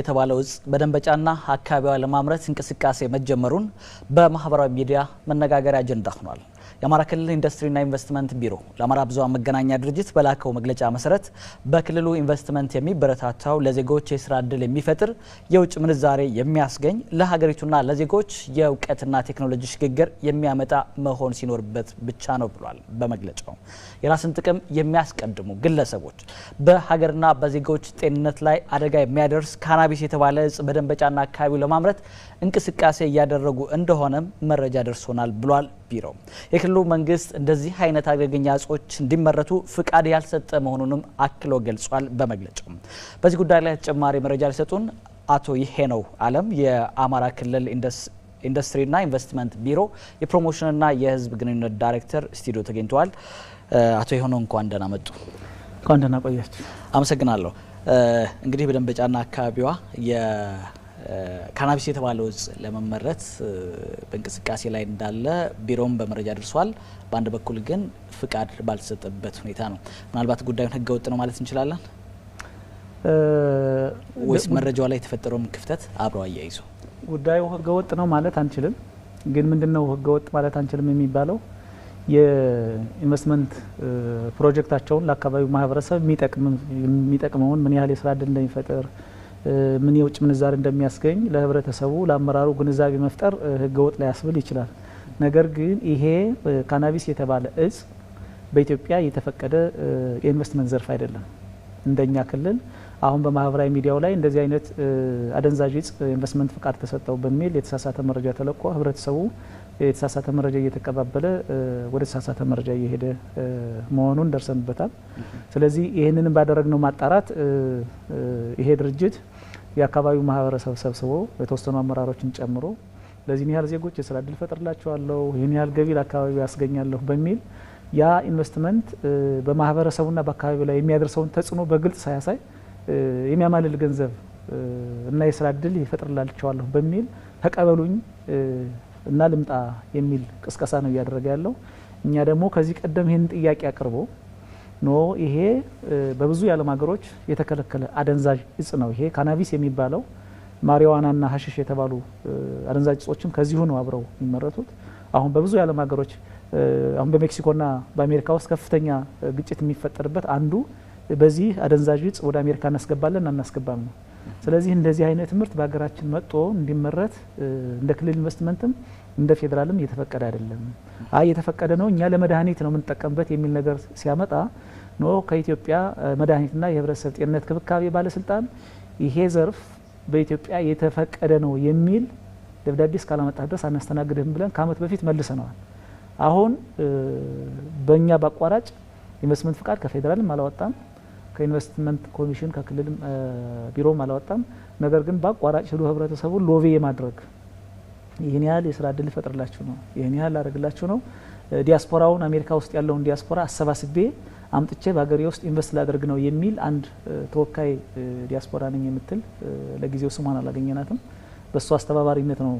የተባለው እጽ በደንበጫና አካባቢዋ ለማምረት እንቅስቃሴ መጀመሩን በማህበራዊ ሚዲያ መነጋገሪያ አጀንዳ ሆኗል። የአማራ ክልል ኢንዱስትሪና ኢንቨስትመንት ቢሮ ለአማራ ብዙኃን መገናኛ ድርጅት በላከው መግለጫ መሰረት በክልሉ ኢንቨስትመንት የሚበረታታው ለዜጎች የስራ ዕድል የሚፈጥር የውጭ ምንዛሬ የሚያስገኝ ለሀገሪቱና ለዜጎች የእውቀትና ቴክኖሎጂ ሽግግር የሚያመጣ መሆን ሲኖርበት ብቻ ነው ብሏል። በመግለጫው የራስን ጥቅም የሚያስቀድሙ ግለሰቦች በሀገርና በዜጎች ጤንነት ላይ አደጋ የሚያደርስ ካናቢስ የተባለ እጽ በደንበጫና አካባቢው ለማምረት እንቅስቃሴ እያደረጉ እንደሆነም መረጃ ደርሶናል ብሏል። ቢሮ። የክልሉ መንግስት እንደዚህ አይነት አደገኛ እጾች እንዲመረቱ ፍቃድ ያልሰጠ መሆኑንም አክሎ ገልጿል። በመግለጫው በዚህ ጉዳይ ላይ ተጨማሪ መረጃ ሊሰጡን አቶ ይሄ ነው አለም የአማራ ክልል ኢንዱስትሪና ኢንቨስትመንት ቢሮ የፕሮሞሽንና የህዝብ ግንኙነት ዳይሬክተር ስቱዲዮ ተገኝተዋል። አቶ ነው እንኳን ደህና መጡ። እንኳን ደህና ቆያችሁ። አመሰግናለሁ። እንግዲህ በደንበጫና አካባቢዋ ካናቢስ የተባለው እጽ ለመመረት በእንቅስቃሴ ላይ እንዳለ ቢሮም በመረጃ ደርሷል። በአንድ በኩል ግን ፍቃድ ባልተሰጠበት ሁኔታ ነው። ምናልባት ጉዳዩን ህገ ወጥ ነው ማለት እንችላለን ወይስ መረጃው ላይ የተፈጠረውም ክፍተት አብረው አያይዞ ጉዳዩ ህገወጥ ወጥ ነው ማለት አንችልም። ግን ምንድነው ሕገ ወጥ ማለት አንችልም የሚባለው የኢንቨስትመንት ፕሮጀክታቸውን ለአካባቢው ማህበረሰብ የሚጠቅመውን ምን ያህል የስራ እድል እንደሚፈጥር ምን የውጭ ምንዛሪ እንደሚያስገኝ ለህብረተሰቡ፣ ለአመራሩ ግንዛቤ መፍጠር ህገወጥ ሊያስብል ይችላል። ነገር ግን ይሄ ካናቢስ የተባለ እጽ በኢትዮጵያ የተፈቀደ የኢንቨስትመንት ዘርፍ አይደለም። እንደኛ ክልል አሁን በማህበራዊ ሚዲያው ላይ እንደዚህ አይነት አደንዛዥ እጽ ኢንቨስትመንት ፍቃድ ተሰጠው በሚል የተሳሳተ መረጃ ተለቆ ህብረተሰቡ የተሳሳተ መረጃ እየተቀባበለ ወደ ተሳሳተ መረጃ እየሄደ መሆኑን ደርሰንበታል። ስለዚህ ይህንንም ባደረግነው ማጣራት ይሄ ድርጅት የአካባቢው ማህበረሰብ ሰብስቦ የተወሰኑ አመራሮችን ጨምሮ ለዚህን ያህል ዜጎች የስራ እድል ፈጥርላቸዋለሁ፣ ይህን ያህል ገቢ ለአካባቢ ያስገኛለሁ በሚል ያ ኢንቨስትመንት በማህበረሰቡና በአካባቢው ላይ የሚያደርሰውን ተጽዕኖ በግልጽ ሳያሳይ የሚያማልል ገንዘብ እና የስራ እድል ይፈጥርላቸዋለሁ በሚል ተቀበሉኝ እና ልምጣ የሚል ቅስቀሳ ነው እያደረገ ያለው። እኛ ደግሞ ከዚህ ቀደም ይህን ጥያቄ አቅርቦ ኖ ይሄ በብዙ የዓለም ሀገሮች የተከለከለ አደንዛዥ እጽ ነው፣ ይሄ ካናቢስ የሚባለው ማሪዋናና ሀሽሽ የተባሉ አደንዛዥ እጾችም ከዚሁ ነው አብረው የሚመረቱት። አሁን በብዙ የዓለም ሀገሮች አሁን በሜክሲኮና በአሜሪካ ውስጥ ከፍተኛ ግጭት የሚፈጠርበት አንዱ በዚህ አደንዛዥ እጽ ወደ አሜሪካ እናስገባለን አናስገባም ነው። ስለዚህ እንደዚህ አይነት ምርት በሀገራችን መጥቶ እንዲመረት እንደ ክልል ኢንቨስትመንትም እንደ ፌዴራልም እየተፈቀደ አይደለም። አይ የተፈቀደ ነው እኛ ለመድኃኒት ነው የምንጠቀምበት የሚል ነገር ሲያመጣ ኖ ከኢትዮጵያ መድኃኒትና የህብረተሰብ ጤንነት ክብካቤ ባለስልጣን ይሄ ዘርፍ በኢትዮጵያ የተፈቀደ ነው የሚል ደብዳቤ እስካላመጣ ድረስ አናስተናግድህም ብለን ከአመት በፊት መልሰነዋል። አሁን በእኛ በአቋራጭ ኢንቨስትመንት ፍቃድ ከፌዴራልም አላወጣም ከኢንቨስትመንት ኮሚሽን ከክልል ቢሮም አላወጣም። ነገር ግን በአቋራጭ ሂዶ ህብረተሰቡ ሎቬ የማድረግ ይህን ያህል የስራ እድል ልፈጥርላችሁ ነው፣ ይህን ያህል ላደርግላችሁ ነው፣ ዲያስፖራውን አሜሪካ ውስጥ ያለውን ዲያስፖራ አሰባስቤ አምጥቼ በሀገሬ ውስጥ ኢንቨስት ላደርግ ነው የሚል አንድ ተወካይ ዲያስፖራ ነኝ የምትል ለጊዜው ስሟን አላገኘናትም። በእሱ አስተባባሪነት ነው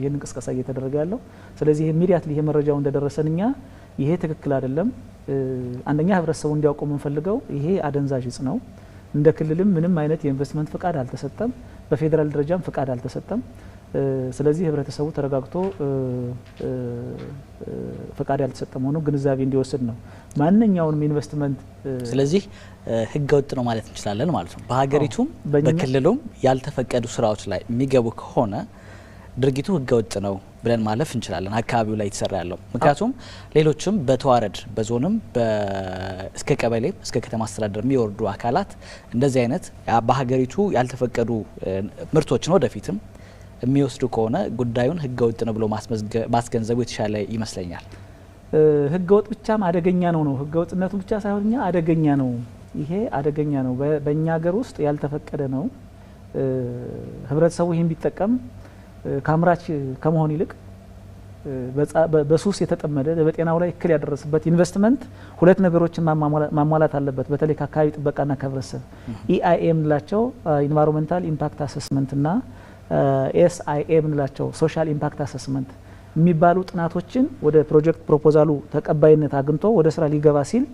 ይህን እንቅስቃሴ እየተደረገ ያለው። ስለዚህ ሚዲያት ይሄ መረጃው እንደደረሰን እኛ ይሄ ትክክል አይደለም አንደኛ ህብረተሰቡ እንዲያውቀው የምንፈልገው ይሄ አደንዛዥ እጽ ነው። እንደ ክልልም ምንም አይነት የኢንቨስትመንት ፍቃድ አልተሰጠም፣ በፌዴራል ደረጃም ፍቃድ አልተሰጠም። ስለዚህ ህብረተሰቡ ተረጋግቶ ፍቃድ ያልተሰጠም ሆኖ ግንዛቤ እንዲወስድ ነው። ማንኛውንም ኢንቨስትመንት ስለዚህ ህገ ወጥ ነው ማለት እንችላለን ማለት ነው። በሀገሪቱም በክልሉም ያልተፈቀዱ ስራዎች ላይ የሚገቡ ከሆነ ድርጊቱ ህገ ወጥ ነው ብለን ማለፍ እንችላለን፣ አካባቢው ላይ የተሰራ ያለው ምክንያቱም ሌሎችም በተዋረድ በዞንም እስከ ቀበሌ እስከ ከተማ አስተዳደር የሚወርዱ አካላት እንደዚህ አይነት በሀገሪቱ ያልተፈቀዱ ምርቶችን ወደፊትም የሚወስዱ ከሆነ ጉዳዩን ህገወጥ ነው ብሎ ማስገንዘቡ የተሻለ ይመስለኛል። ህገወጥ ብቻም አደገኛ ነው ነው ህገወጥነቱ ብቻ ሳይሆን እኛ አደገኛ ነው ይሄ አደገኛ ነው፣ በእኛ ሀገር ውስጥ ያልተፈቀደ ነው። ህብረተሰቡ ይህን ቢጠቀም ከአምራች ከመሆን ይልቅ በሱስ የተጠመደ በጤናው ላይ እክል ያደረሰበት ኢንቨስትመንት ሁለት ነገሮችን ማሟላት አለበት። በተለይ ከአካባቢ ጥበቃና ከህብረተሰብ ኢአይኤ e የምንላቸው ኢንቫይሮንሜንታል ኢምፓክት አሰስመንት እና ኤስአይኤ የምንላቸው ሶሻል ኢምፓክት አሰስመንት የሚባሉ ጥናቶችን ወደ ፕሮጀክት ፕሮፖዛሉ ተቀባይነት አግኝቶ ወደ ስራ ሊገባ ሲል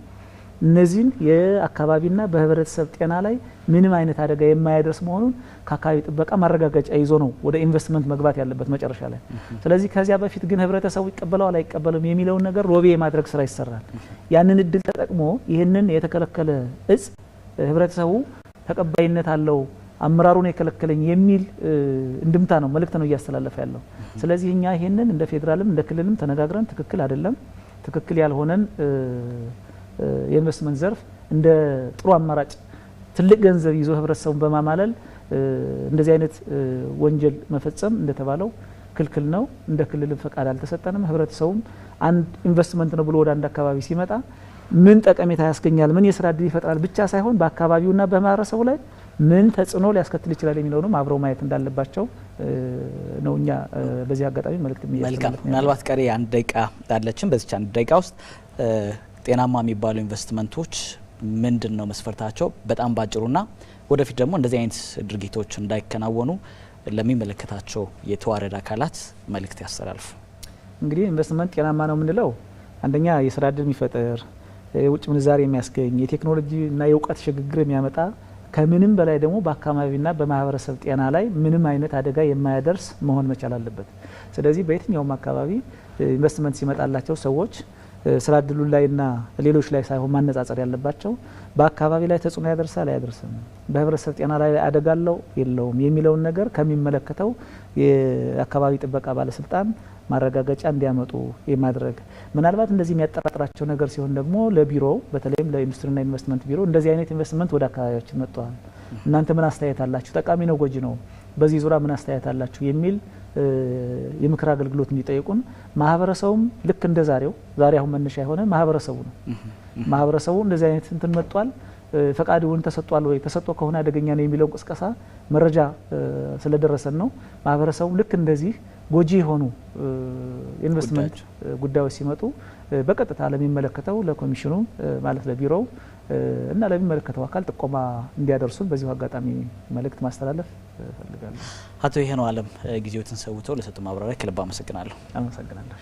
እነዚህን የአካባቢና በህብረተሰብ ጤና ላይ ምንም አይነት አደጋ የማያደርስ መሆኑን ከአካባቢ ጥበቃ ማረጋገጫ ይዞ ነው ወደ ኢንቨስትመንት መግባት ያለበት መጨረሻ ላይ። ስለዚህ ከዚያ በፊት ግን ህብረተሰቡ ይቀበለዋል አይቀበልም የሚለውን ነገር ሮቤ የማድረግ ስራ ይሰራል። ያንን እድል ተጠቅሞ ይህንን የተከለከለ እጽ ህብረተሰቡ ተቀባይነት አለው አመራሩን የከለከለኝ የሚል እንድምታ ነው መልእክት ነው እያስተላለፈ ያለው። ስለዚህ እኛ ይህንን እንደ ፌዴራልም እንደ ክልልም ተነጋግረን ትክክል አይደለም ትክክል ያልሆነን የኢንቨስትመንት ዘርፍ እንደ ጥሩ አማራጭ ትልቅ ገንዘብ ይዞ ህብረተሰቡን በማማለል እንደዚህ አይነት ወንጀል መፈጸም እንደተባለው ክልክል ነው። እንደ ክልልም ፈቃድ አልተሰጠንም። ህብረተሰቡም አንድ ኢንቨስትመንት ነው ብሎ ወደ አንድ አካባቢ ሲመጣ ምን ጠቀሜታ ያስገኛል፣ ምን የስራ እድል ይፈጥራል ብቻ ሳይሆን በአካባቢውና በማህበረሰቡ ላይ ምን ተጽዕኖ ሊያስከትል ይችላል የሚለውንም አብረው ማየት እንዳለባቸው ነው። እኛ በዚህ አጋጣሚ መልእክት መልካም ምናልባት ቀሪ አንድ ደቂቃ አለችን። በዚች አንድ ደቂቃ ውስጥ ጤናማ የሚባሉ ኢንቨስትመንቶች ምንድን ነው መስፈርታቸው? በጣም ባጭሩና ወደፊት ደግሞ እንደዚህ አይነት ድርጊቶች እንዳይከናወኑ ለሚመለከታቸው የተዋረድ አካላት መልእክት ያስተላልፉ። እንግዲህ ኢንቨስትመንት ጤናማ ነው የምንለው አንደኛ የስራ እድል የሚፈጥር የውጭ ምንዛሬ የሚያስገኝ የቴክኖሎጂ እና የእውቀት ሽግግር የሚያመጣ ከምንም በላይ ደግሞ በአካባቢና በማህበረሰብ ጤና ላይ ምንም አይነት አደጋ የማያደርስ መሆን መቻል አለበት። ስለዚህ በየትኛውም አካባቢ ኢንቨስትመንት ሲመጣላቸው ሰዎች ስራ እድሉ ላይና ሌሎች ላይ ሳይሆን ማነጻጸር ያለባቸው በአካባቢ ላይ ተጽዕኖ ያደርሳል አያደርስም፣ በህብረተሰብ ጤና ላይ አደጋለው የለውም የሚለውን ነገር ከሚመለከተው የአካባቢ ጥበቃ ባለስልጣን ማረጋገጫ እንዲያመጡ የማድረግ ምናልባት እንደዚህ የሚያጠራጥራቸው ነገር ሲሆን ደግሞ ለቢሮው በተለይም ለኢንዱስትሪና ኢንቨስትመንት ቢሮ እንደዚህ አይነት ኢንቨስትመንት ወደ አካባቢያችን መጥተዋል፣ እናንተ ምን አስተያየት አላችሁ? ጠቃሚ ነው፣ ጎጂ ነው፣ በዚህ ዙሪያ ምን አስተያየት አላችሁ? የሚል የምክር አገልግሎት እንዲጠይቁን ማህበረሰቡም ልክ እንደ ዛሬው ዛሬ አሁን መነሻ የሆነ ማህበረሰቡ ነው። ማህበረሰቡ እንደዚህ አይነት እንትን መጥቷል ፈቃድ ውን ተሰጧል ወይ ተሰጦ ከሆነ አደገኛ ነው የሚለውን ቅስቀሳ መረጃ ስለደረሰን ነው። ማህበረሰቡም ልክ እንደዚህ ጎጂ የሆኑ ኢንቨስትመንት ጉዳዮች ሲመጡ በቀጥታ ለሚመለከተው ለኮሚሽኑ ማለት ለቢሮው እና ለሚመለከተው አካል ጥቆማ እንዲያደርሱን በዚሁ አጋጣሚ መልእክት ማስተላለፍ እፈልጋለሁ። አቶ ይሄነው አለም ጊዜዎትን ሰውተው ለሰጡ ማብራሪያ ከልብ አመሰግናለሁ። አመሰግናለሁ።